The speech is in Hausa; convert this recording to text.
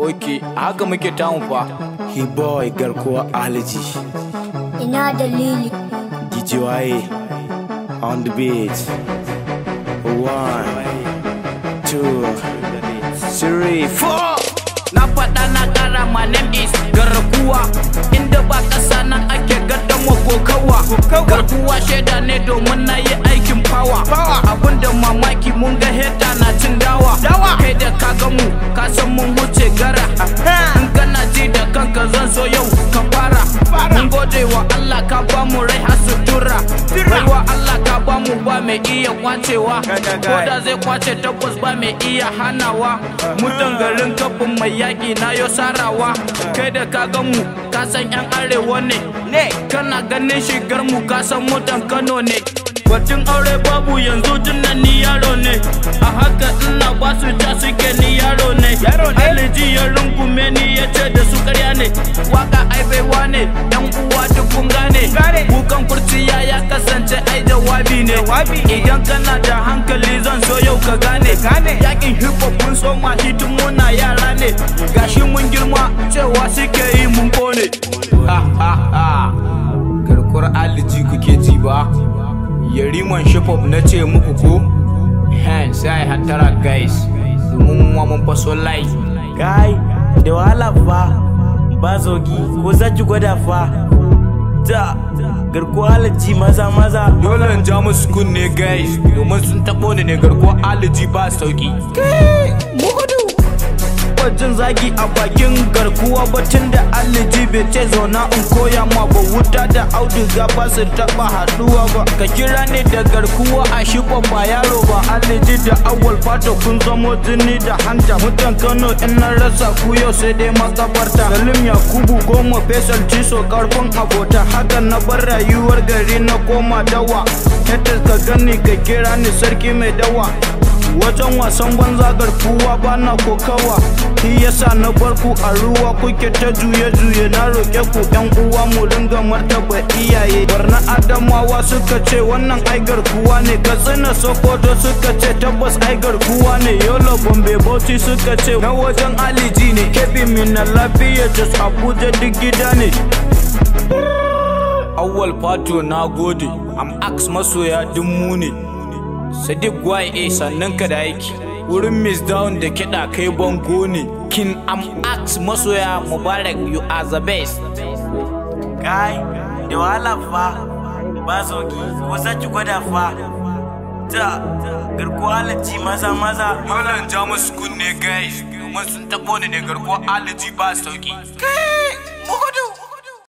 ok haka muke tamu fa he boy garkuwa aliji ina dalili gijiwaye on the beat one two three four na faɗa na ƙara my name is garkuwa inda ba ƙasa na ake gadon wa kokawa garkuwa sheda ne domin na yi aikin power mun ga heta na cin dawa kai da ka ga mu ka san mun wuce gara in kana ji da kanka zan so yau ka fara mun gode wa Allah ka ba rai har sutura wa Allah ka ba mu iya kwacewa ko da zai kwace tabbas ba mai iya hanawa mutan garin kafin mai yaki na yo sarawa kai da ka ga mu ka san yan arewa ne kana ganin shigar mu ka san mutan Kano ne aure babu yanzu tunan ni yaro ne ne waka ai bai wane yan uwa duk kun gane kukan kurci ya ya kasance ai jawabi ne idan kana da hankali zan so yau ka gane yakin hip hop mun soma mun muna yara ne gashi mun girma cewa suke yi mun kone ha ha ha karkur aliji kuke ji ba yariman hip hop na ce muku ko hen sai hatara guys domin mun faso like guy da wahala fa bazogi ko za ki gwada fa da garko alaji maza maza dole in ja musu kunne guys domin sun tabo ni ne garko alaji ba sauki kai taba jin zagi a bakin garkuwa batun da alliji bai ce zauna in koya ma ba wuta da auduga ba su taba haduwa ba ka kira ni da garkuwa a shi ba yaro ba aliji da awal fata kun zamo jini da hanta mutan kano in na rasa ku yau sai dai makabarta salim yakubu goma fesal ciso karfin abota haka na bar rayuwar gari na koma dawa yadda ka gani ka kira ni sarki mai dawa wajen wasan gwanza garkuwa bana kokawa shi yasa na barku a ruwa kuke ta juye juye na roƙe ku yan uwa mu ringa martaba iyaye barna adamawa suka ce wannan ai garkuwa ne tsina sokoto suka ce tabbas ai garkuwa ne yolo bombe bauchi suka ce na wajen aliji ne kebi mina lafiya jos abuja duk gida ne awwal fato na gode am ax masoya dimmu ne Sadiq YA eh, sannan ka da aiki. Wurin Miss Down da kiɗa kai bango ne. King Am Act masoya Mubarak you are the best. Kai, da wahala fa, ba sauki, ko ki gwada fa. Ta, garko alaji maza maza. Malam Jamus kunne guys, kuma sun taɓo ni ne garko alaji ba sauki. Kai!